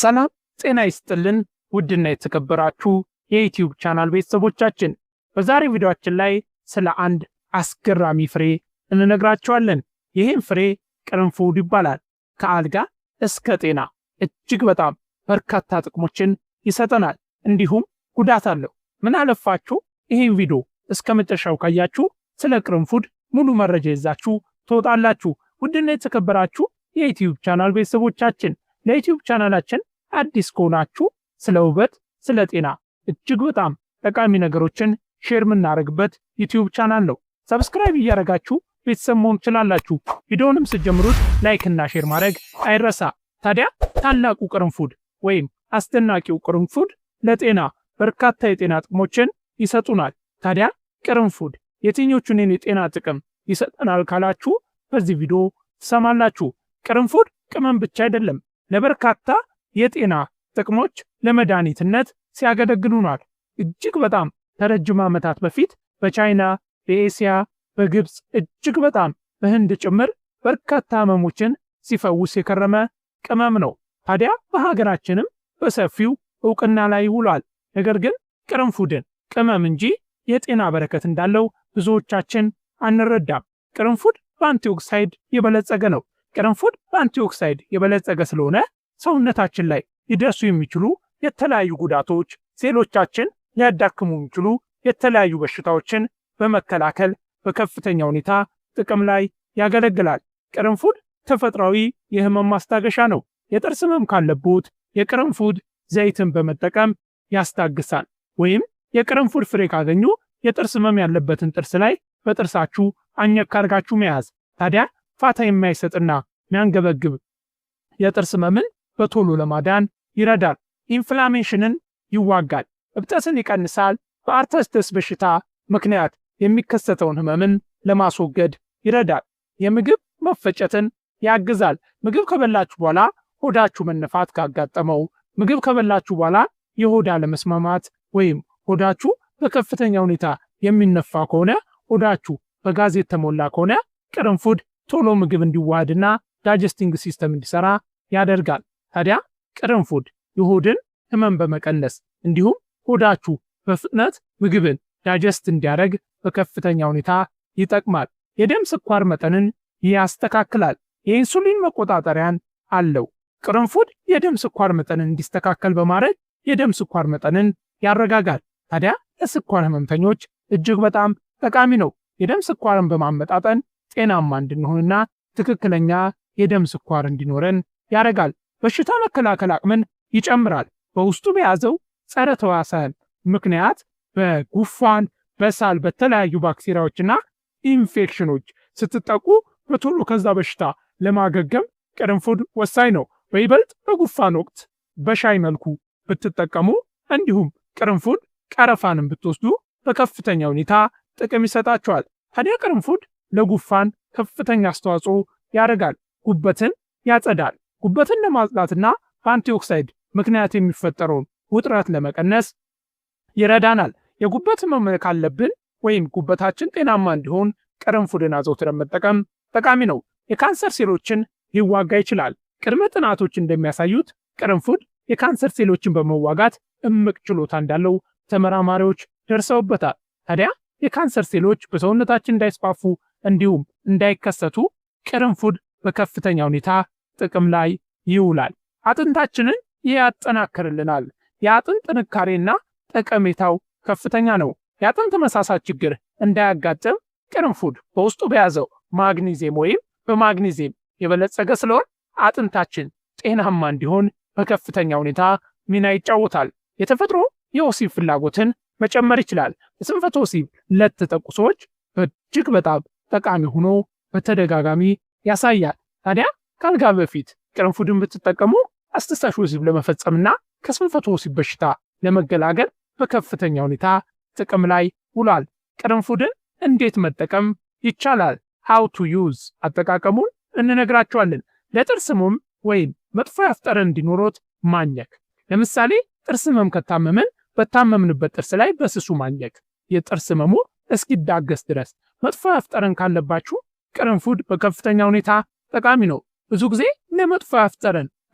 ሰላም ጤና ይስጥልን ውድና የተከበራችሁ የዩትዩብ ቻናል ቤተሰቦቻችን በዛሬ ቪዲዮአችን ላይ ስለ አንድ አስገራሚ ፍሬ እንነግራችኋለን። ይህም ፍሬ ቅርንፉድ ይባላል። ከአልጋ እስከ ጤና እጅግ በጣም በርካታ ጥቅሞችን ይሰጠናል፣ እንዲሁም ጉዳት አለው። ምን አለፋችሁ ይህን ቪዲዮ እስከ መጨረሻው ካያችሁ ስለ ቅርንፉድ ሙሉ መረጃ ይዛችሁ ትወጣላችሁ። ውድና የተከበራችሁ የዩትዩብ ቻናል ቤተሰቦቻችን ለዩቲዩብ ቻናላችን አዲስ ከሆናችሁ ስለ ውበት፣ ስለ ጤና እጅግ በጣም ጠቃሚ ነገሮችን ሼር የምናደርግበት ዩቲዩብ ቻናል ነው። ሰብስክራይብ እያደረጋችሁ ቤተሰብ መሆን ትችላላችሁ። ቪዲዮንም ስትጀምሩት ላይክ እና ሼር ማድረግ አይረሳ። ታዲያ ታላቁ ቅርንፉድ ወይም አስደናቂው ቅርንፉድ ለጤና በርካታ የጤና ጥቅሞችን ይሰጡናል። ታዲያ ቅርንፉድ የትኞቹን የጤና ጥቅም ይሰጠናል ካላችሁ በዚህ ቪዲዮ ትሰማላችሁ። ቅርንፉድ ቅመም ብቻ አይደለም፣ ለበርካታ የጤና ጥቅሞች ለመድኃኒትነት ሲያገለግሉናል። እጅግ በጣም ከረጅም ዓመታት በፊት በቻይና፣ በኤስያ፣ በግብፅ እጅግ በጣም በህንድ ጭምር በርካታ ህመሞችን ሲፈውስ የከረመ ቅመም ነው። ታዲያ በሀገራችንም በሰፊው እውቅና ላይ ውሏል። ነገር ግን ቅርንፉድን ቅመም እንጂ የጤና በረከት እንዳለው ብዙዎቻችን አንረዳም። ቅርንፉድ በአንቲኦክሳይድ የበለጸገ ነው። ቅርንፉድ በአንቲኦክሳይድ የበለጸገ ስለሆነ ሰውነታችን ላይ ሊደርሱ የሚችሉ የተለያዩ ጉዳቶች፣ ሴሎቻችን ሊያዳክሙ የሚችሉ የተለያዩ በሽታዎችን በመከላከል በከፍተኛ ሁኔታ ጥቅም ላይ ያገለግላል። ቅርንፉድ ተፈጥሯዊ የህመም ማስታገሻ ነው። የጥርስ ህመም ካለቦት የቅርንፉድ ዘይትን በመጠቀም ያስታግሳል። ወይም የቅርንፉድ ፍሬ ካገኙ የጥርስ ህመም ያለበትን ጥርስ ላይ በጥርሳችሁ አኘካርጋችሁ መያዝ። ታዲያ ፋታ የማይሰጥና የሚያንገበግብ የጥርስ ህመምን በቶሎ ለማዳን ይረዳል። ኢንፍላሜሽንን ይዋጋል፣ እብጠትን ይቀንሳል። በአርተስተስ በሽታ ምክንያት የሚከሰተውን ህመምን ለማስወገድ ይረዳል። የምግብ መፈጨትን ያግዛል። ምግብ ከበላችሁ በኋላ ሆዳችሁ መነፋት ካጋጠመው ምግብ ከበላችሁ በኋላ የሆድ አለመስማማት ወይም ሆዳችሁ በከፍተኛ ሁኔታ የሚነፋ ከሆነ ሆዳችሁ በጋዝ የተሞላ ከሆነ ቅርንፉድ ቶሎ ምግብ እንዲዋሃድና ዳይጀስቲንግ ሲስተም እንዲሰራ ያደርጋል። ታዲያ ቅርንፉድ የሆድን ህመም በመቀነስ እንዲሁም ሆዳችሁ በፍጥነት ምግብን ዳይጀስት እንዲያደርግ በከፍተኛ ሁኔታ ይጠቅማል። የደም ስኳር መጠንን ያስተካክላል። የኢንሱሊን መቆጣጠሪያን አለው። ቅርንፉድ የደም ስኳር መጠንን እንዲስተካከል በማድረግ የደም ስኳር መጠንን ያረጋጋል። ታዲያ ለስኳር ህመምተኞች እጅግ በጣም ጠቃሚ ነው። የደም ስኳርን በማመጣጠን ጤናማ እንድንሆንና ትክክለኛ የደም ስኳር እንዲኖረን ያደርጋል። በሽታ መከላከል አቅምን ይጨምራል። በውስጡ በያዘው ጸረ ተዋሳን ምክንያት በጉፋን፣ በሳል፣ በተለያዩ ባክቴሪያዎችና ኢንፌክሽኖች ስትጠቁ በቶሎ ከዛ በሽታ ለማገገም ቅርንፉድ ወሳኝ ነው። በይበልጥ በጉፋን ወቅት በሻይ መልኩ ብትጠቀሙ እንዲሁም ቅርንፉድ ቀረፋንም ብትወስዱ በከፍተኛ ሁኔታ ጥቅም ይሰጣቸዋል። ታዲያ ቅርንፉድ ለጉፋን ከፍተኛ አስተዋጽኦ ያደርጋል። ጉበትን ያጸዳል። ጉበትን ለማጽዳትና በአንቲኦክሳይድ ምክንያት የሚፈጠረውን ውጥረት ለመቀነስ ይረዳናል። የጉበት ህመም ካለብን ወይም ጉበታችን ጤናማ እንዲሆን ቅርንፉድን አዘውትረን መጠቀም ጠቃሚ ነው። የካንሰር ሴሎችን ሊዋጋ ይችላል። ቅድመ ጥናቶች እንደሚያሳዩት ቅርንፉድ የካንሰር ሴሎችን በመዋጋት እምቅ ችሎታ እንዳለው ተመራማሪዎች ደርሰውበታል። ታዲያ የካንሰር ሴሎች በሰውነታችን እንዳይስፋፉ እንዲሁም እንዳይከሰቱ ቅርንፉድ በከፍተኛ ሁኔታ ጥቅም ላይ ይውላል። አጥንታችንን ይህ ያጠናክርልናል። የአጥንት ጥንካሬና ጠቀሜታው ከፍተኛ ነው። የአጥንት መሳሳት ችግር እንዳያጋጥም ቅርንፉድ በውስጡ በያዘው ማግኒዚየም ወይም በማግኒዚየም የበለጸገ ስለሆን አጥንታችን ጤናማ እንዲሆን በከፍተኛ ሁኔታ ሚና ይጫወታል። የተፈጥሮ የወሲብ ፍላጎትን መጨመር ይችላል። የስንፈተ ወሲብ ለተጠቁ ሰዎች እጅግ በጣም ጠቃሚ ሆኖ በተደጋጋሚ ያሳያል። ታዲያ ካልጋ በፊት ቅርንፉድን ብትጠቀሙ አስደሳች ወሲብ ለመፈጸምና ከስንፈተ ወሲብ በሽታ ለመገላገል በከፍተኛ ሁኔታ ጥቅም ላይ ውሏል። ቅርንፉድን እንዴት መጠቀም ይቻላል? ሃው ቱ ዩዝ አጠቃቀሙን እንነግራቸዋለን። ለጥርስ ህመም ወይም መጥፎ የአፍ እንዲኖሮት ማኘክ። ለምሳሌ ጥርስ ህመም ከታመምን በታመምንበት ጥርስ ላይ በስሱ ማኘክ የጥርስ ህመሙን እስኪዳገስ ድረስ። መጥፎ የአፍ ካለባችሁ ቅርንፉድ በከፍተኛ ሁኔታ ጠቃሚ ነው። ብዙ ጊዜ ለመጥፎ የአፍ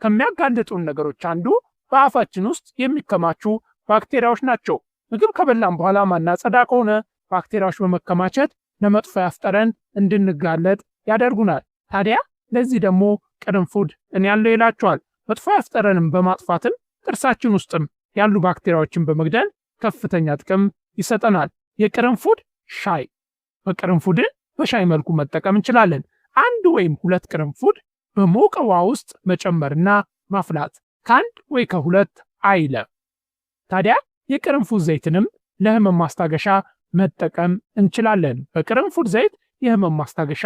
ከሚያጋልጡን ነገሮች አንዱ በአፋችን ውስጥ የሚከማቹ ባክቴሪያዎች ናቸው። ምግብ ከበላን በኋላ ማናጸዳ ከሆነ ባክቴሪያዎች በመከማቸት ለመጥፎ ያፍጠረን እንድንጋለጥ ያደርጉናል። ታዲያ ለዚህ ደግሞ ቅርንፉድ እኔ ያለው ይላቸዋል። መጥፎ ያፍጠረንም በማጥፋትም ጥርሳችን ውስጥም ያሉ ባክቴሪያዎችን በመግደል ከፍተኛ ጥቅም ይሰጠናል። የቅርንፉድ ሻይ በቅርንፉድን በሻይ መልኩ መጠቀም እንችላለን። አንድ ወይም ሁለት ቅርንፉድ በሞቀ ውሃ ውስጥ መጨመርና ማፍላት ከአንድ ወይ ከሁለት አይለም። ታዲያ የቅርንፉድ ዘይትንም ለህመም ማስታገሻ መጠቀም እንችላለን። በቅርንፉድ ዘይት የህመም ማስታገሻ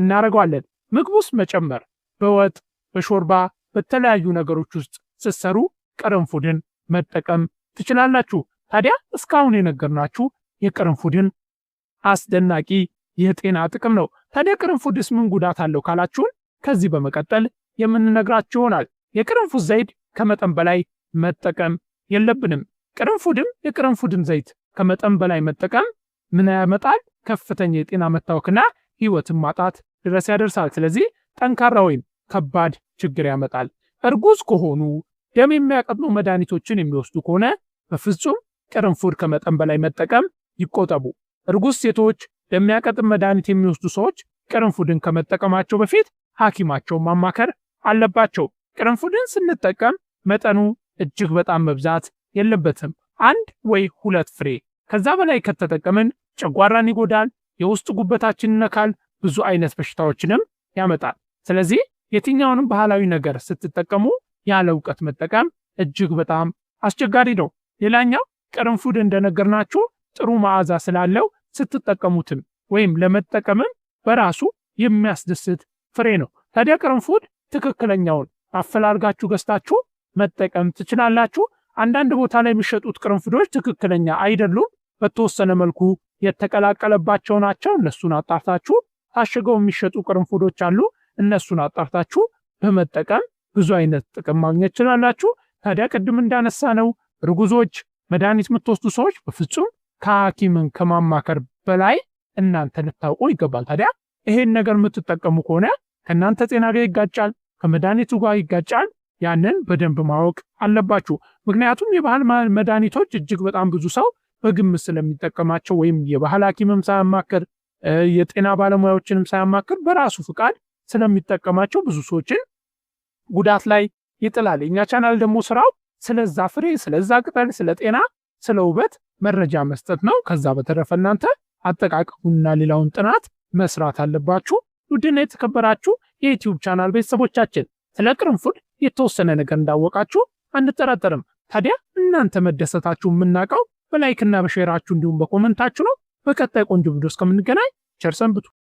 እናደርገዋለን። ምግብ ውስጥ መጨመር በወጥ በሾርባ በተለያዩ ነገሮች ውስጥ ስትሰሩ ቅርንፉድን መጠቀም ትችላላችሁ። ታዲያ እስካሁን የነገርናችሁ የቅርንፉድን አስደናቂ የጤና ጥቅም ነው። ታዲያ ቅርንፉድስ ምን ጉዳት አለው ካላችሁን ከዚህ በመቀጠል የምንነግራችሁ ይሆናል። የቅርንፉድ ዘይት ከመጠን በላይ መጠቀም የለብንም። ቅርንፉድም የቅርንፉድም ዘይት ከመጠን በላይ መጠቀም ምን ያመጣል? ከፍተኛ የጤና መታወክና ህይወትን ማጣት ድረስ ያደርሳል። ስለዚህ ጠንካራ ወይም ከባድ ችግር ያመጣል። እርጉዝ ከሆኑ ደም የሚያቀጥሉ መድኃኒቶችን የሚወስዱ ከሆነ በፍጹም ቅርንፉድ ከመጠን በላይ መጠቀም ይቆጠቡ። እርጉዝ ሴቶች፣ ለሚያቀጥም መድኃኒት የሚወስዱ ሰዎች ቅርንፉድን ከመጠቀማቸው በፊት ሐኪማቸውን ማማከር አለባቸው። ቅርንፉድን ስንጠቀም መጠኑ እጅግ በጣም መብዛት የለበትም። አንድ ወይ ሁለት ፍሬ ከዛ በላይ ከተጠቀምን ጨጓራን ይጎዳል፣ የውስጥ ጉበታችን ይነካል፣ ብዙ አይነት በሽታዎችንም ያመጣል። ስለዚህ የትኛውንም ባህላዊ ነገር ስትጠቀሙ ያለ እውቀት መጠቀም እጅግ በጣም አስቸጋሪ ነው። ሌላኛው ቅርንፉድ እንደነገርናችሁ ጥሩ መዓዛ ስላለው ስትጠቀሙትም ወይም ለመጠቀምም በራሱ የሚያስደስት ፍሬ ነው። ታዲያ ቅርንፉድ ትክክለኛውን አፈላልጋችሁ ገዝታችሁ መጠቀም ትችላላችሁ። አንዳንድ ቦታ ላይ የሚሸጡት ቅርንፉዶች ትክክለኛ አይደሉም፣ በተወሰነ መልኩ የተቀላቀለባቸው ናቸው። እነሱን አጣርታችሁ ታሽገው የሚሸጡ ቅርንፉዶች አሉ። እነሱን አጣርታችሁ በመጠቀም ብዙ አይነት ጥቅም ማግኘት ትችላላችሁ። ታዲያ ቅድም እንዳነሳ ነው እርጉዞች፣ መድኃኒት የምትወስዱ ሰዎች በፍጹም ከሐኪምን ከማማከር በላይ እናንተ ልታውቁ ይገባል። ታዲያ ይሄን ነገር የምትጠቀሙ ከሆነ ከእናንተ ጤና ጋር ይጋጫል፣ ከመድኃኒቱ ጋር ይጋጫል። ያንን በደንብ ማወቅ አለባችሁ። ምክንያቱም የባህል መድኃኒቶች እጅግ በጣም ብዙ ሰው በግምት ስለሚጠቀማቸው ወይም የባህል ሐኪምም ሳያማክር የጤና ባለሙያዎችንም ሳያማክር በራሱ ፍቃድ ስለሚጠቀማቸው ብዙ ሰዎችን ጉዳት ላይ ይጥላል። የእኛ ቻናል ደግሞ ስራው ስለዛ ፍሬ፣ ስለዛ ቅጠል፣ ስለ ጤና፣ ስለ ውበት መረጃ መስጠት ነው። ከዛ በተረፈ እናንተ አጠቃቀሙንና ሌላውን ጥናት መስራት አለባችሁ። ውድና የተከበራችሁ የዩትዩብ ቻናል ቤተሰቦቻችን ስለ ቅርንፉድ የተወሰነ ነገር እንዳወቃችሁ አንጠራጠርም። ታዲያ እናንተ መደሰታችሁ የምናውቀው በላይክና በሼራችሁ እንዲሁም በኮመንታችሁ ነው። በቀጣይ ቆንጆ ቪዲዮ እስከምንገናኝ ቸር ሰንብቱ።